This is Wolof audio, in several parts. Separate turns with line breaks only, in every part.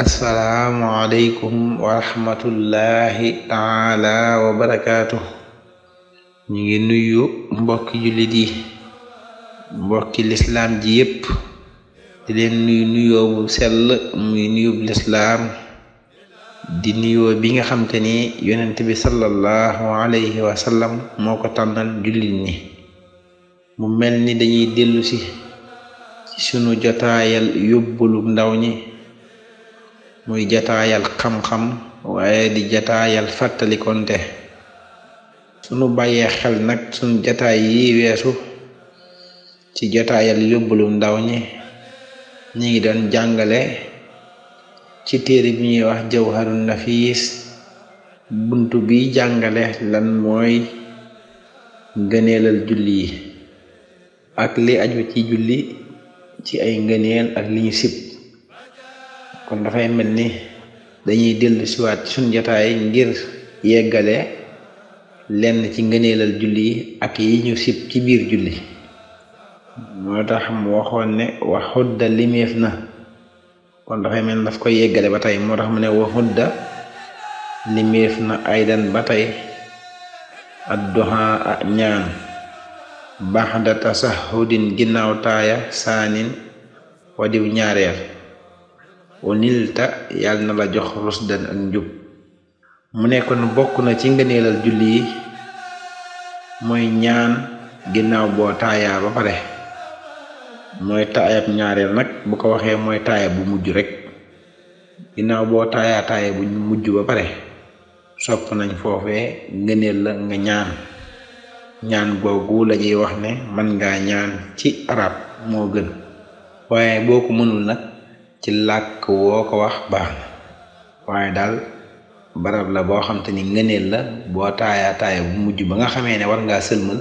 asalaamualeykum wa rahmatullahi taala wa barakaatu ñu ngi nuyu mbokki jullit yi mbokki lislaam ji yépp di leen nuyu nuyoo bu sell muy nuyub lislaam di nuyoo bi nga xam ni yonent bi sallallahu alayhi wa moo ko tànnal jullit ñi mu mel ni dañuy dellusi si sunu jotaayal yóbbulu ndaw ñi muy jataayal xam-xam waaye di jataayal fàttalikonte sunu bàyyee xel nag sunu jataay yi weesu ci jataayal yóbbalu ndaw ñi ñi ngi doon jàngale ci téere bi ñuy wax jawharun nafiis bunt bi jàngale lan mooy ngëneelal julli yi ak li aju ci julli ci ay ngëneel ak li ñu kon dafay mel ni dañuy dellu siwaat suñ jataay ngir yeggale lenn ci ngëneelal julli yi ak yi ñu sib ci biir julli moo tax mu waxoon ne wax xudda limeef na kon dafay mel daf koy yeggale ba tey moo tax mu ne wax na aydan ba tey ak duha ak ñaan baxda tasahudin ginnaaw taaya saanin wadiw ñaareel wanilta yàlla na la jox rusdan ak njub mu ne kon bokk na ci ngëneelal julli yi mooy ñaan ginnaaw boo taayaa ba pare mooy taayab nag bu ko waxee mooy taaya bu mujj rek ginnaaw boo taayaa taaya bu mujj ba pare sopp nañ foofee ngëneel la nga ñaan ñaan googu la ñuy wax ne man ngaa ñaan ci arab moo gën waaye boo ko mënul nag ci làkk woo ko wax baax na waaye daal barab la boo xam te ni ngëneel la boo taayaa taaya bu mujj ba nga xamee ne war ngaa sëlmal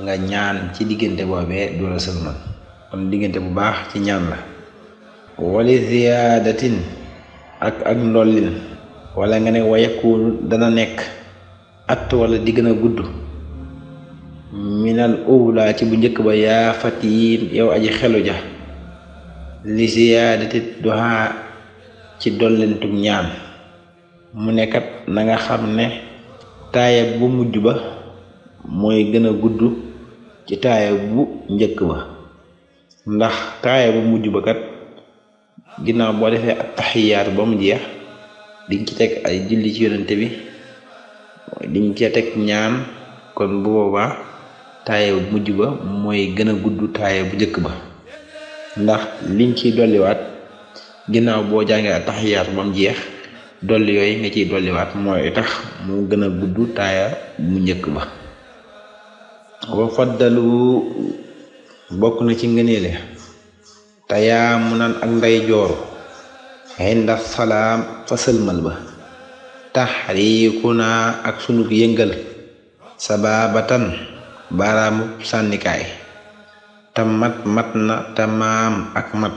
nga ñaan ci diggante boobee du la sëlmal kon diggante bu baax ci ñaan la wali ziyaadatin ak wala nga ne wayakuunu dana nekk at walla di a gudd minal ula ci bu njëkk ba yaafat yi yow aji xelu ja li ziyaadati duhaa ci dollentug ñaan mu nekkat na nga xam ne taaya bu mujj ba mooy gën a gudd ci taaya bu njëkk ba ndax taaya bu mujj ba kat ginnaaw boo defee ak taxiyaat ba mu jeex diñ ci teg ay julli ci yonente bi diñ ci teg ñaan kon bu boobaa taaya bu mujj ba mooy gën a gudd taaya bu njëkk ba ndax liñ ciy dolliwaat ginnaaw boo jàngee ataxiyaat ba mu jeex dolli yooyu nga ciy dolliwaat mooy tax mu gën a gudd taaya mu njëkk ba wa faddalu bokk na ci ngëneele tayaa mu naan ak nday jooru inda salaam fa sëlmal ba taxriiku naa ak sunug yëngal sababatan baaraamu sànnikaay te mat na te ak mat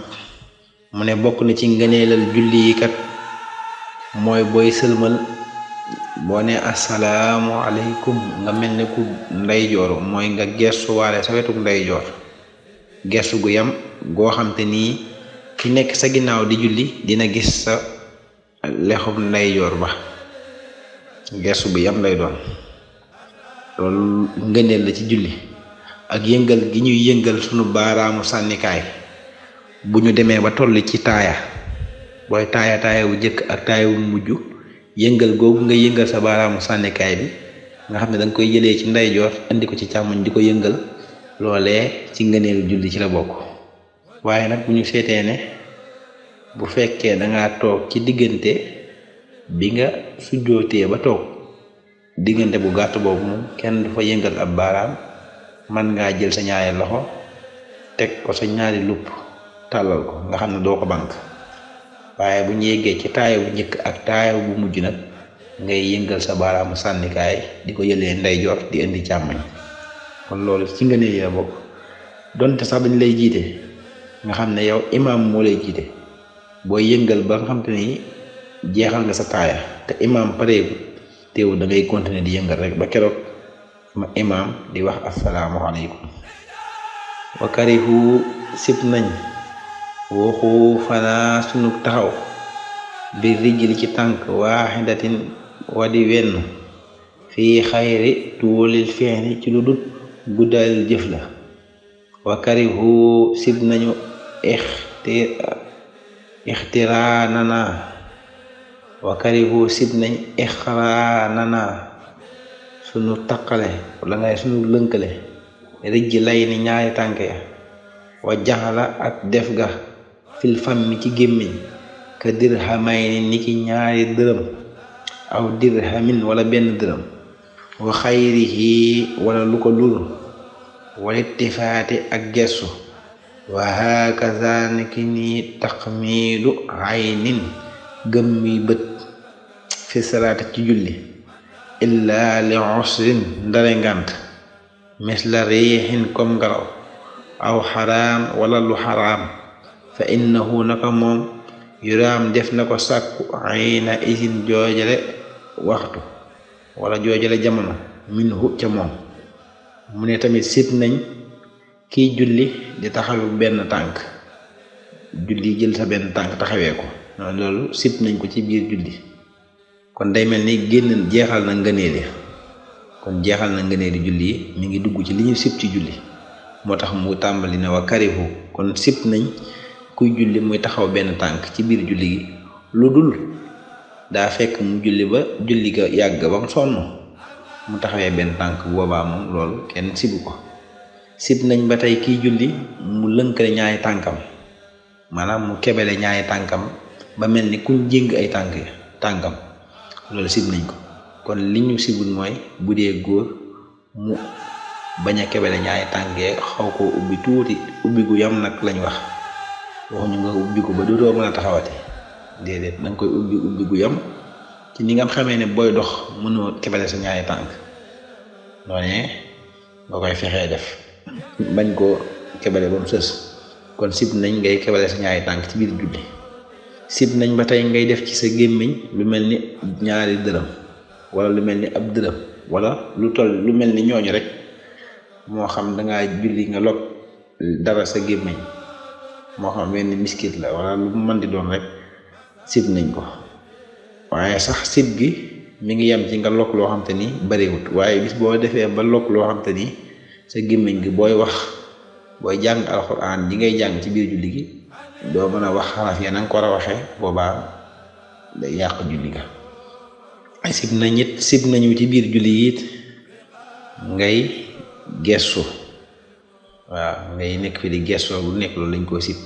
mu ne bokk na ci ngëneelal julli yi kat mooy booy sëlmal boo ne asalaamu aleykum nga mel ne ku ndeyjoor mooy nga gersuwaale sa wetuk ndeyjoor gersu gu yam goo xam nii ki nekk sa ginnaaw di julli dina gis sa lexub ndeyjoor ba gersu bu yam lay doon loolu ngëneel la ci julli ak yëngal gi ñuy yëngal sunu baaraamu sànnikaay bu ñu demee ba toll ci taaya booy taaya taaya wu jëkk ak taaya wu mujj yëngal googu nga yëngal sa baaraamu sànnikaay bi nga xam ne da koy jëlee ci ndeyjoor andi ko ci càmmoñ di ko yëngal loolee ci ngëneel julli ci la bokk waaye nag bu ñu seetee ne bu fekkee da toog ci diggante bi nga sujjootee ba toog diggante bu gàtt boobu moom kenn du fa yëngal ab baaraam man ngaa jël sa ñaari loxo teg ko sa ñaari lupp tàllal ko nga xam ne doo ko bank waaye bu ñu yeggee ci taayo bu njëkk ak taayo bu mujj nag ngay yëngal sa baaraamu sànnikaay di ko yëlee ndeyjoor di indi càmmoñ kon loolu ci nga nee la bokk donte sax dañ lay jiite nga xam ne yow imaam moo lay jiite boo yëngal ba nga xam te ni jeexal nga sa taaya te imaam pareegu teewul da ngay continuer di yëngal rek ba keroog. ma imaam di wax asalaamualeykum wa karihu sib nañ waxu fanaa sunu taxaw bi rijli ci tànk waaxidatin wadi wenn fii xayri tuwalil feeni ci lu dut guddal jëf la wa sib nañu ixtiraanana wa karihu sib nañ ixraanana sunu taqale wala nga sunu lënkale rijji lay ni ñaari tànk ya wa jaxala ak def ga fil fam mi ci gémmiñ ka dirhamay ni niki ñaari dërëm aw dirhamin wala benn dërëm wa xayrihi wala lu ko lul wala ittifaati ak gestu wa hakaza niki ni taxmiidu aynin gëm mi bët fi salaata ci julli illaa li usrin ndare ngànt misla riixin kom ngaraw aw xaraam wala lu xaraam fa innahu naka moom yuraam def na ko sàkku ayna isin joojale waxtu wala joojale jamono minhu ca moom mu ne tamit sit nañ kiy julli di taxawu benn tànk julli jël sa benn tànk taxawee ko loolu sit nañ ko ci biir julli kon day mel ni génn jeexal na ngëneel yi kon jeexal na ngëneel julli yi mi ngi dugg ci li ñu sib ci julli moo tax mu tàmbali ne wa karihu kon sib nañ kuy julli muy taxaw benn tànk ci biir julli gi lu dul daa fekk mu julli ba julli ga yàgg ba mu sonn mu taxawee benn tànk boobaa moom loolu kenn sibu ko sib nañ ba tey kiy julli mu lënkale ñaari tànkam maanaam mu kebele ñaari tànkam ba mel ni kuñ jéng ay tànk tànkam loolu sib nañ ko kon li ñu sibul mooy bu dee góor mu bañ a kebele ñaari tànkee xaw koo ubbi tuuti ubbi gu yam nag lañ wax waxuñu nga ubbi ko ba dootoo mën a taxawati déedéet da nga koy ubbi ubbi gu yam ci ni nga xamee ne booy dox mënoo kebele sa ñaari tànk noonee nga koy fexee def bañ koo kebele ba mu sës kon sib nañ ngay kebele sa ñaari tànk ci biir julli sib nañ ba tey ngay def ci sa gémmiñ lu mel ni ñaari dërëm wala lu mel ni ab dërëm walla lu toll lu mel ni ñooñu rek moo xam danga julli nga log dara sa gémmiñ moo xam ni miskit la wala lu mën di doon rek sib nañ ko waaye sax sib gi mu ngi yam ci nga log loo xam te ni bariwut waaye bis boo defee ba lokk loo xam te ni sa gémmiñ gi booy wax booy jàng alxuraan ji ngay jàng ci biir julli gi doo mën a wax xaraf ya nanga ko war a waxee boobaa day yàq julli ga sib na ñit sib nañu ci biir julli it ngay gestu waaw ngay nekk fi di gestu bu nekk loolu lañ koo sib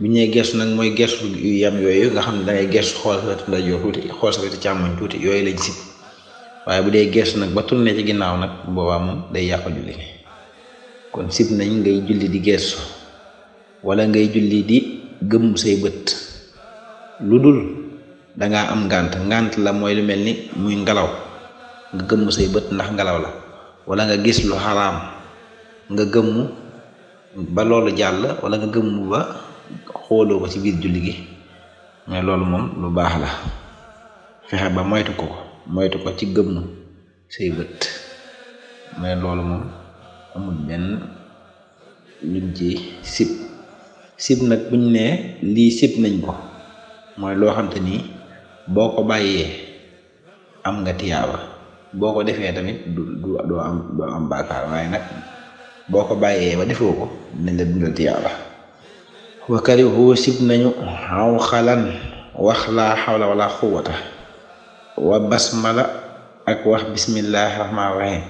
bu ñu nee gestu nag mooy gestu yam yooyu nga xam ne dangay gestu xool sa tuuti xool sa wetu tuuti yooyu lañ sib waaye bu dee gestu nag ba tourné ci ginnaaw nag boobaa moom day yàq julli kon sib nañ ngay julli di gestu wala ngay julli di gëmm say bët lu dul danga am ngànt ngànt la mooy lu mel ni muy ngelaw nga gëmm say bët ndax ngelaw la walla nga gis lu xaraam nga gëmm ba loolu jàll wala nga gëmm ba xooloo ko ci biir julli gi mais loolu moom lu baax la fexe ba moytu ko moytu ko ci gëmm say bët mais loolu moom amul benn luñ ci sib sib nag buñ ne lii sib nañ ko mooy loo xam te nii boo ko bàyyee am nga tiyaaba boo ko defee tamit du du am baakaar waaye nag boo ko bàyyee ba defoo ko nañ la dundal tiyaaba wa karihu sib nañu xaw xalan wax laa xawla wala xuwata wa basmala ak wax bismillahi rahmaani rahim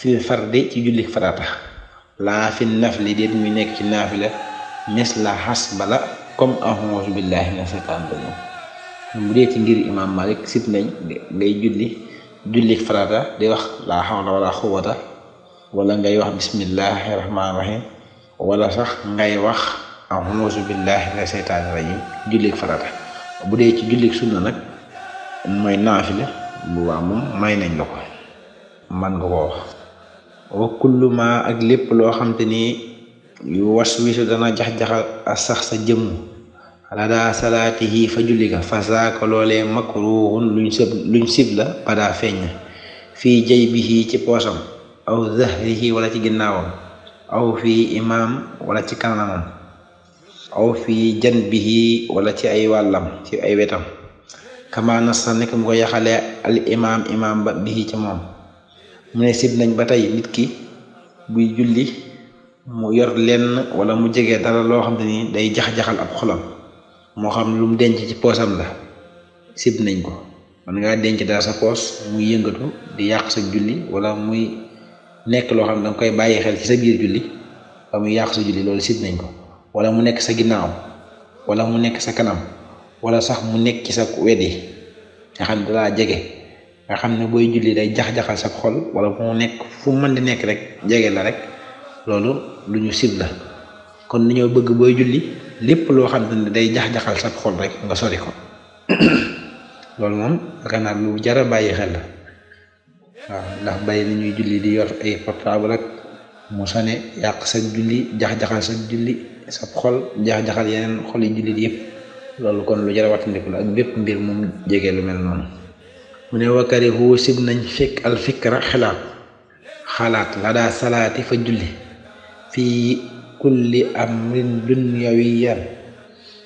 fil fardi ci julli farata laa fi nafli déet muy nekk ci naafila misla xasba la comme ahonge billahi mina seytaan rajim bu dee ci ngir imam malik sib nañ ngay julli julli farata di wax laa xawla wala xuwata wala ngay sax ngay wax ahonge billahi mina ci julli waa moom may nañ la ko man nga ko wax wa kullu ak lépp loo xam te ni yu waswisu dana jax-jaxal a sax sa jëmm ladaa salaatihi fa julli ga fasaaka loolee makruhun luñ luñ sib la badaa feeñ fii jaybihi ci poosam aw zahrihi wala ci ginnaawam aw fii imaam wala ci kanamam aw fii janbihi wala ci ay wàllam ci ay wetam kama nassa nekk mu ko yaxalee imaam imaam ba bihi ci moom mu ne sib nañ ba tey nit ki buy julli mu yor lenn wala mu jege dara loo xam ne ni day jax-jaxal ab xolam moo xam lu mu denc ci poosam la sib nañ ko man ngaa denc dara sa poos mu yëngatu di yàq sa julli wala muy nekk loo xam danga koy bàyyi xel sa biir julli ba muy yàq sa julli loolu sib nañ ko wala mu nekk sa ginnaaw wala mu nekk sa kanam wala sax mu nekk ci sa weddi nga xam ne dalaa jege nga xam ne booy julli day jax-jaxal sa xol wala mu nekk fu mën di nekk rek jege la rek loolu lu ñu sib la kon ni ñoo bëgg booy julli lépp loo xam ne day jax-jaxal sab xol rek nga sori ko loolu moom ganaar lu jara bàyyi xel la waaw ndax bàyyi ni ñuy julli di yor ay portable rek mu yàq sa julli jax-jaxal sa xol jax-jaxal yeneen xol yi jullit yëpp loolu kon lu jara wattandiku la ak bépp mbir moom jege lu mel noonu mu ne wakkari hu sib nañ fekk al fikra xalaat la daa salaati fa julli fii kulli amrin dunyawiyan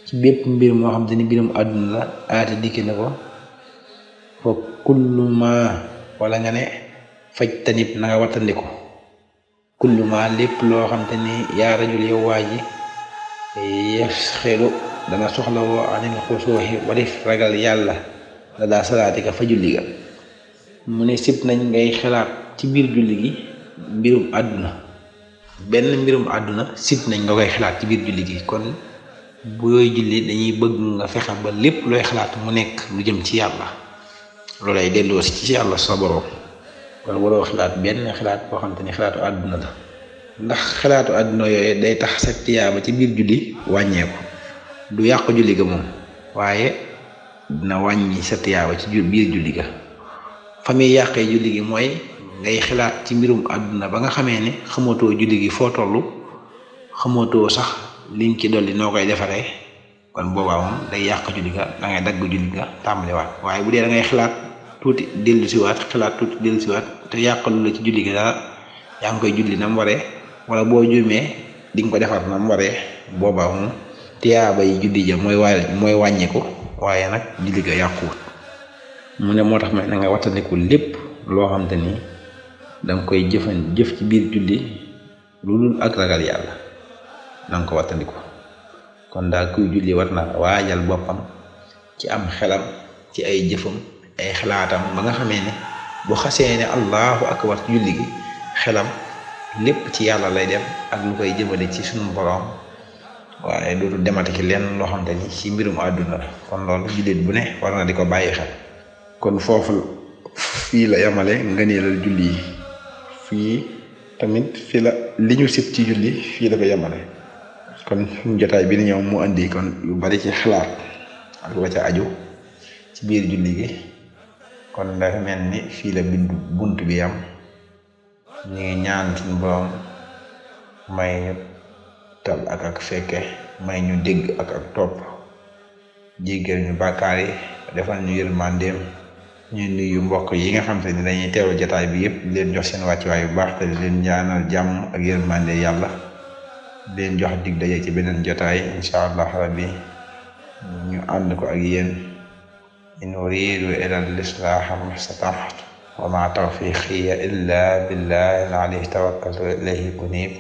ci bépp mbir moo xam te ni mbirum àdduna la aate dikki na ko fa kullu ma nga ne faj tanib na nga wattandiku kullu lépp loo xam te ni yaa rajul yow waa ji yëf xelu dana soxla woo anil xusuuxi warif ragal yàlla la daa salaati ka fa julli ga mu ne sib nañ ngay xalaat ci biir julli gi mbirum àdduna benn mbirum àdduna sit nañ nga koy xalaat ci biir julli gi kon booy julli dañuy bëgg nga fexe ba lépp looy xalaat mu nekk lu jëm ci yàlla loolay delloo si ci yàlla sa borom kon waroo xalaat benn xalaat boo xam te ni xalaatu àdduna la ndax xalaatu àdduna yooyu day tax sa tiyaaba ci biir julli wàññeeku du yàq julli ga moom waaye dina wàññi sa tiyaaba ci biir julli ga fa yàqee julli gi mooy ngay xilaat ci mbirum àdduna ba nga xamee ne xamatoo julli gi foo toll xamatoo sax liñ ci dolli noo koy defaree kon boobaa moom day yàq julli ga da ngay dagg julli ga tàmbaliwaat waaye bu dee da ngay xilaat tuuti dellu siwaat xilaat tuuti dellu siwaat te yàqalu la ci julli gi dara yaa ngi koy julli na mu waree wala boo juumee di nga ko defar na mu waree boobaa moom tiyaaba julli ja mooy waa mooy wàññeeku waaye nag julli ga yàquwut mu ne moo tax ma na nga wattandiku lépp loo xam te nii danga koy jëfan jëf ci biir julli lu dul ak ragal yàlla nanga ko wattandiku kon daal kuy julli war na waajal boppam ci am xelam ci ay jëfam ay xalaatam ba nga xamee ne bu xasee ne allahu akbar ci julli gi xelam lépp ci yàlla lay dem ak lu koy jëmale ci sunu borom waaye dootu demati ci lenn loo xamante ni ci mbirum àdduna la kon loolu jullit bu ne war na di ko bàyyi xel kon foofu fii la yamale nga neelal julli yi fii tamit fii la li ñu sib ci julli fii la ko yemale kon jotaay bi ni ñëw mu indi kon bari ci xalaat ak la aju ci biir julli gi kon dafa mel ni fii la bind bunt bi am ñu ngi ñaan suñu borom may ñu tal ak ak fekke may ñu dégg ak ak topp jéggal ñu bàkkaar yi defal ñu yërmandeem ñuy nuyu mbokk yi nga xam te ni dañuy teewlu jataay bi yëpp di leen jox seen wàccuwaay bu baax te di leen ñaanal jàmm ak yërmande yàlla di leen jox dig daje ci beneen jotaay incha allah rabbi ñu ànd ko ak yéen in uridu ila lislaaha mastataxtu wa ma tawfiqiya illa billahi alayhi tawakkaltu ilayhi unib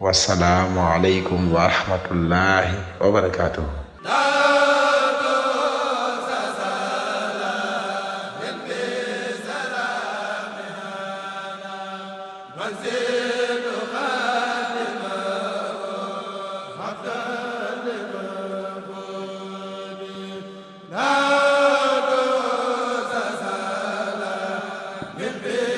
wasalaamu aleykum wa rahmatullahi wa barakatuh bil